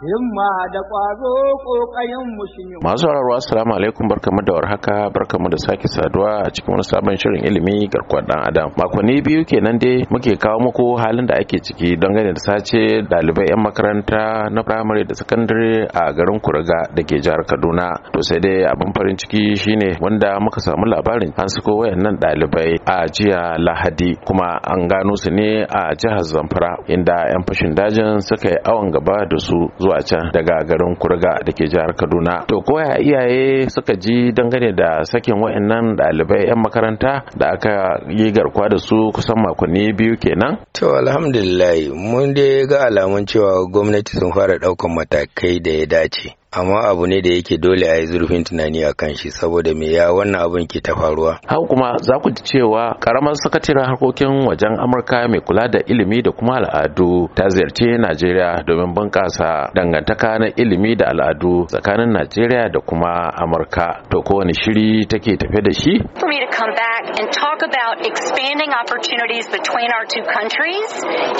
himma da ƙwazo ƙoƙayen mushin masu wararwa assalamu alaikum barkamu da warhaka barkamu da sake saduwa a cikin wani sabon shirin ilimi garkuwar dan adam makonni biyu kenan dai muke kawo muku halin da ake ciki don gane da sace ɗalibai yan makaranta na firamare da sakandare a garin kuriga da ke jihar kaduna to sai dai abin farin ciki shine wanda muka samu labarin an suko wayannan ɗalibai a jiya lahadi kuma an gano su ne a jihar zamfara inda yan fashin dajin suka yi awon gaba da su zuwa can daga garin kurga da ke jihar kaduna to koya iyaye suka ji dangane da sakin wa'annan ɗalibai 'yan makaranta da aka yi garkuwa da su kusan makonni biyu kenan to alhamdulillah mun dai ga alamun cewa gwamnati sun fara ɗaukan matakai da ya dace amma abu ne da yake dole a yi zurfin tunani a kan shi saboda me ya wannan abin ke ta faruwa. Hau kuma za ku ji cewa karamar sakataren harkokin wajen Amurka mai kula da ilimi da kuma al'adu ta ziyarci Najeriya domin bunƙasa dangantaka na ilimi da al'adu tsakanin Najeriya da kuma Amurka. To kowane shiri take tafe da shi? For me to come back and talk about expanding opportunities between our two countries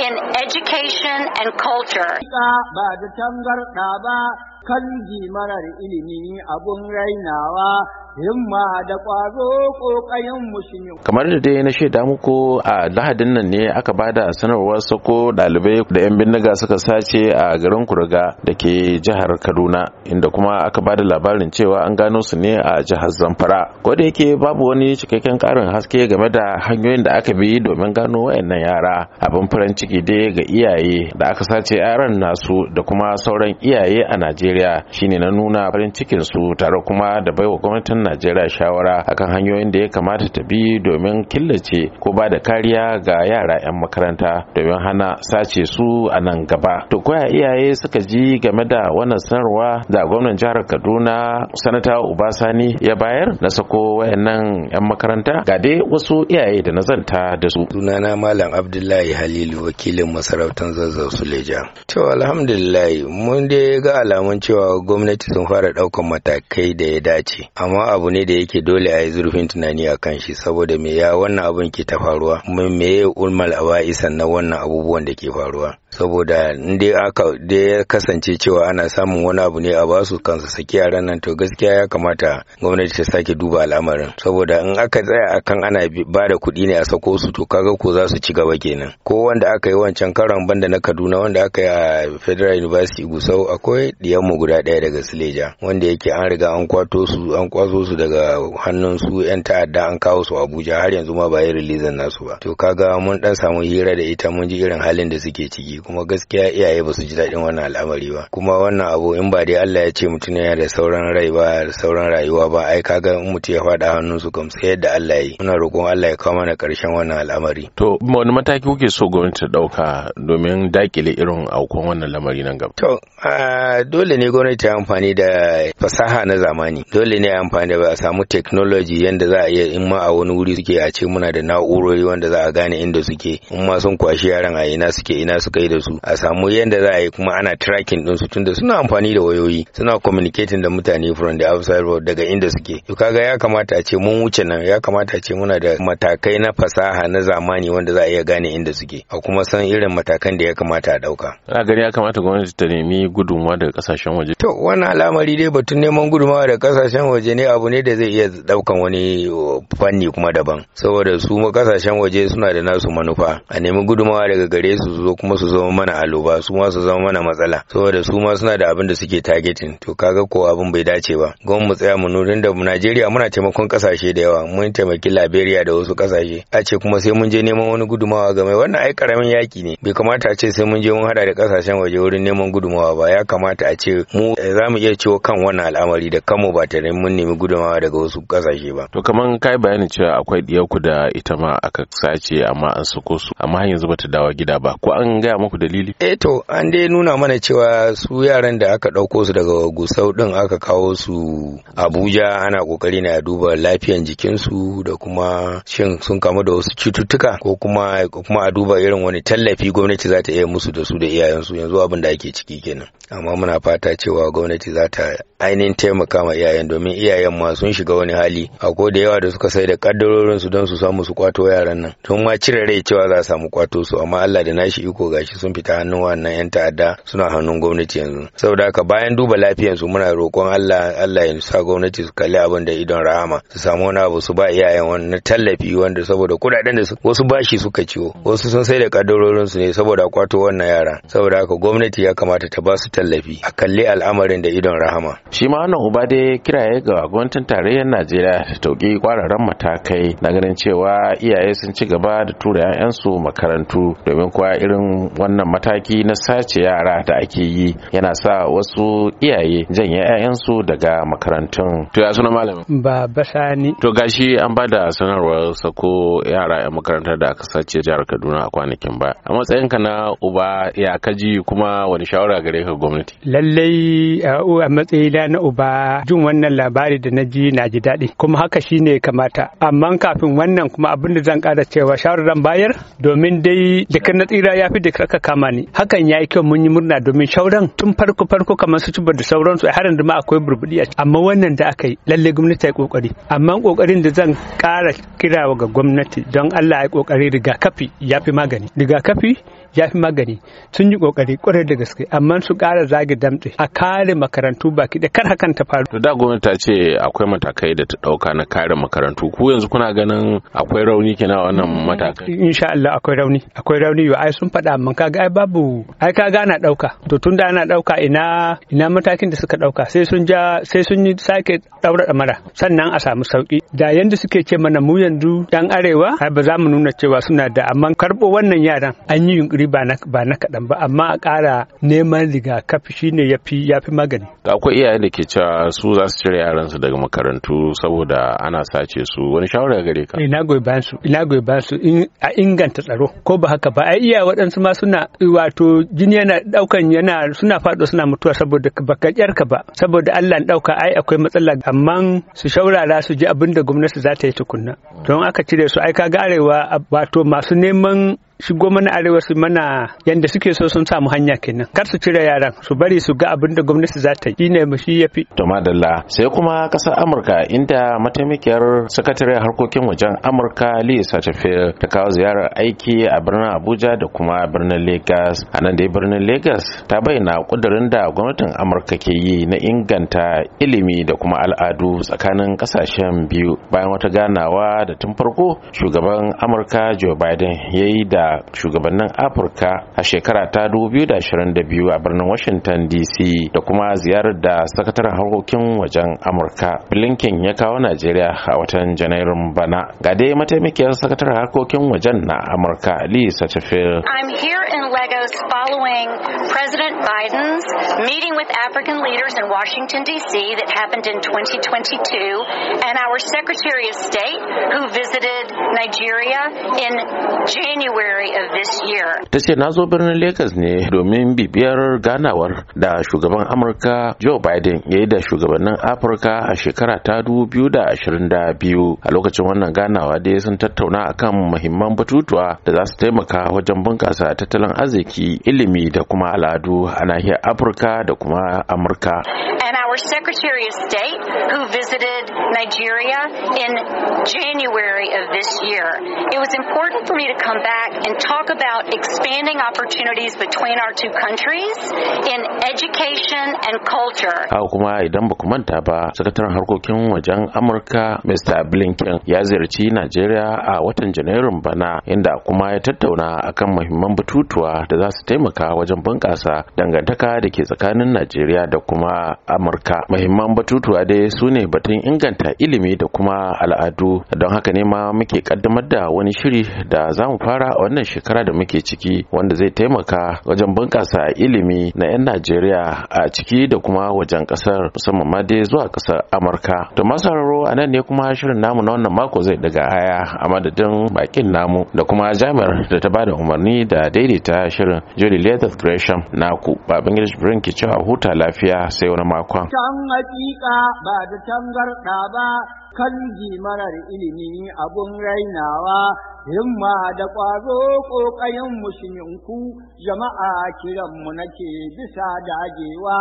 in education and culture. Ba da tangarɗa ba kanji mana da ilimi abun rainawa himma da ƙwazo mushinyo Kamar da dai na shaida muku a lahadin nan ne aka bada sanarwar sako dalibai da 'yan bindiga suka sace a garin Kurga da ke jihar Kaduna inda kuma aka bada labarin cewa an gano su ne a jihar Zamfara. Ko da yake babu wani cikakken karin haske game da hanyoyin da aka bi domin gano wayannan yara abin farin ciki dai ga iyaye da aka sace yaran nasu da kuma sauran iyaye a Najeriya shine na nuna farin cikin su tare kuma da baiwa gwamnatin najeriya shawara akan hanyoyin da ya kamata ta bi domin killace ko ba da kariya ga yara 'yan makaranta domin hana sace su a nan gaba to koya iyaye suka ji game da wannan sanarwa da gwamnan jihar kaduna sanata ubasani ya bayar na sako wayannan 'yan makaranta ga dai wasu iyaye da na zanta da su sunana malam abdullahi halilu wakilin masarautar zazzau suleja to alhamdulillah mun dai ga alamun cewa gwamnati sun fara ɗaukar matakai da ya dace amma abu ne da yake dole a yi zurfin tunani a kan shi saboda me ya wannan abin ke ta faruwa me ya ulmal baisan na wannan abubuwan da ke faruwa saboda in dai aka dai ya kasance cewa ana samun wani abu ne a basu kansa saki yaran nan to gaskiya ya kamata gwamnati ta sake duba al'amarin saboda in aka tsaya akan ana ba da kuɗi ne a sako su to kaga ko za su ci gaba kenan ko wanda aka yi wancan karon banda na Kaduna wanda aka yi a Federal University Gusau akwai mu guda ɗaya daga Sileja wanda yake an riga an kwato su an kwazo su daga hannun su yan ta'adda an kawo su Abuja har yanzu ma ba yi release nasu ba to kaga mun dan samu hira da ita mun ji irin halin da suke ciki kuma gaskiya iyaye ba su ji daɗin wannan al'amari ba kuma wannan abu in ba dai Allah ya ce mutum yana da sauran rai ba da sauran rayuwa ba ai kaga in mutum ya faɗa hannun su kam sai yadda Allah ya yi muna roƙon Allah ya kawo mana ƙarshen wannan al'amari to wani mataki kuke so gwamnati ta ɗauka domin dakile irin aukon wannan lamari nan gaba to dole ne gwamnati ta amfani da fasaha na zamani dole ne amfani da ba a samu technology yanda za a iya in ma a wani wuri suke a ce muna da na'urori wanda za a gane inda suke in ma sun kwashi yaran a ina suke ina suka yi da su a samu yadda za a yi kuma ana tracking din su tunda suna amfani da wayoyi suna communicating da mutane from the outside world daga inda suke to kaga ya kamata a ce mun wuce nan ya kamata a ce muna da matakai na fasaha na zamani wanda za a iya gane inda suke a kuma san irin matakan da ya kamata a dauka ana gani ya kamata gwamnati ta nemi gudunmawa daga kasashen waje to wannan al'amari dai batun neman gudunmawa daga kasashen waje ne abu ne da zai iya daukan wani uh, fanni kuma daban saboda su kasashen waje suna da nasu manufa a nemi gudunmawa daga gare su zo kuma su zo zama mana aloba su ma su zama mana matsala saboda su ma suna da abin da suke targeting to kaga ko abin bai dace ba gwamnati mu tsaya mu nurin da Najeriya muna taimakon kasashe da yawa mun taimaki Liberia da wasu kasashe a ce kuma sai mun je neman wani gudumawa game wannan ai karamin yaki ne bai kamata a ce sai mun je mun hada da kasashen waje wurin neman gudumawa ba ya kamata a ce mu eh, za mu iya ciwo kan wannan al'amari da kanmu ba tare mun nemi gudumawa daga wasu kasashe ba to kaman kai bayani cewa akwai diyarku da ita ma aka sace amma an sako su amma yanzu bata dawo gida ba ko an ga muku dalili eh to an dai nuna mana cewa su yaran da aka ɗauko su daga gusau ɗin aka kawo su abuja ana kokari na duba lafiyan jikinsu da kuma shin sun kamu da wasu cututtuka ko kuma kuma a duba irin wani tallafi gwamnati za ta iya musu da su da iyayensu yanzu abin da ake ciki kenan amma muna fata cewa gwamnati za ta ainihin taimaka ma iyayen domin iyayen ma sun shiga wani hali ko da yawa da suka sai da kaddarorin su don su samu su kwato yaran nan tun ma cire rai cewa za a samu kwato su amma Allah da nashi iko gashi sun fita hannun wannan yan ta'adda suna hannun gwamnati yanzu saboda haka bayan duba lafiyar su muna roƙon Allah Allah ya sa gwamnati su kalli abin da idon rahama su samu wani abu su ba iyayen wannan tallafi wanda saboda kudaden da wasu bashi suka ciwo wasu sun sai da kaddarorin su ne saboda kwato wannan yara saboda haka gwamnati ya kamata ta ba su tallafi a kalli al'amarin da idon rahama shi ma wannan uba dai kiraye ga gwamnatin tarayyar najeriya ta tauki kwararren matakai na ganin cewa iyaye sun ci gaba da tura 'ya'yansu makarantu domin kuwa irin wannan mataki na sace yara da ake yi yana sa wasu iyaye janye 'ya'yansu daga makarantun to ya suna malamin ba basani to gashi an ba da sanarwar sako yara 'yan makarantar da aka sace jihar kaduna a kwanakin ba a matsayinka na uba ya kaji kuma wani shawara gare ka gwamnati lallai a matsayi gida na uba jin wannan labari da na ji na ji daɗi kuma haka shi ne kamata amma kafin wannan kuma abin da zan ƙara cewa shawarar bayar domin dai da na tsira ya fi da aka kama ni hakan ya yi kyau mun yi murna domin shauran tun farko farko kamar su cibar da sauransu a harin da ma akwai burbuɗi a amma wannan da aka yi lalle gwamnati ta yi kokari amma kokarin da zan ƙara kira ga gwamnati don Allah ya yi kokari rigakafi ya fi magani rigakafi ya fi magani sun yi kokari kwarai da gaske amma su ƙara zage damtse a kare makarantu baki da kar hakan ta faru. da gwamnati ta ce akwai matakai da ta dauka na kare makarantu ku yanzu kuna ganin akwai rauni kenan wannan matakai. Insha Allah akwai rauni akwai rauni yo ai sun faɗa amma kaga ai babu ai kaga ana dauka to tunda ana dauka ina ina matakin da suka dauka sai sun ja sai sun yi sake daura mara sannan a samu sauki da yanda suke ce mana mu yanzu dan arewa ai ba za mu nuna cewa suna da amma karbo wannan yaran an yi yunkuri ba na ba na kaɗan ba amma a ƙara neman rigakafi shine yafi yafi magani. Akwai iyaye iyaye ke cewa su za su cire yaransu daga makarantu saboda ana sace su wani shawara gare ka ina eh, goyi bayan su ina goyi bayan su a inganta tsaro ko ba haka ba ai iya waɗansu ma suna wato jini yana daukan yana suna faɗo suna mutuwa saboda baka yarka ba saboda Allah dauka ai akwai matsala amma su shaurara su ji abin da gwamnati za ta yi tukunna don aka cire su ai ka garewa wato masu neman shigo mana arewa su mana yanda suke so sun samu hanya kenan kar su cire yaran su bari su ga abin da gwamnati za ta yi ne mu shi yafi to madalla sai kuma kasar amurka inda mataimakiyar sakatare harkokin wajen amurka li satafe ta kawo ziyarar aiki a birnin abuja da kuma birnin Legas. a nan dai birnin Legas ta bayyana kudurin da gwamnatin amurka ke yi na inganta ilimi da kuma al'adu tsakanin kasashen biyu bayan wata ganawa da tun farko shugaban amurka joe biden ya yi da shugabannin afirka a shekara ta 2022 a birnin washington dc da kuma ziyarar da sakataren harkokin wajen amurka blinken ya kawo najeriya a watan janairun bana ga dai mataimakiyar sakataren harkokin wajen na amurka lisa tafil i'm here in lagos following president biden's meeting with african leaders in washington dc that happened in 2022 and our secretary of state who visited nigeria in january February of this year. Ta ce na zo birnin Lagos ne domin bibiyar ganawar da shugaban Amurka Joe Biden ya yi da shugabannin Afirka a shekara ta 2022. A lokacin wannan ganawa dai sun tattauna akan muhimman batutuwa da za su taimaka wajen bunƙasa tattalin arziki, ilimi da kuma al'adu a nahiyar Afirka da kuma Amurka. And our Secretary of State who visited Nigeria in January of this year. It was important for me to come back and talk about expanding opportunities between our two countries in education and culture. Haka kuma idan ba ku manta ba, sakataren harkokin wajen Amurka Mr. Blinken ya ziyarci Najeriya a watan Janairun bana inda kuma ya tattauna akan muhimman batutuwa da za su taimaka wajen bunƙasa dangantaka da ke tsakanin Najeriya da kuma Amurka. Muhimman batutuwa dai su ne batun inganta ilimi da kuma al'adu. Don haka ne ma muke kaddamar da wani shiri da za mu fara wannan wannan shekara da muke ciki wanda zai taimaka wajen bunƙasa ilimi na 'yan Najeriya a ciki da kuma wajen ƙasar musamman ma dai zuwa ƙasar Amurka. To masararo a nan ne kuma shirin namu na wannan mako zai daga haya a madadin bakin namu da kuma jami'ar da ta bada umarni da daidaita shirin Jolly Leather Gresham naku baban English brink ke cewa huta lafiya sai wani makon. Can hakika ba da tangarɗa ba kan ji marar ilimi abun rainawa himma da ƙwazo ƙoƙayen musulminku jama'a kiran mu nake bisa dagewa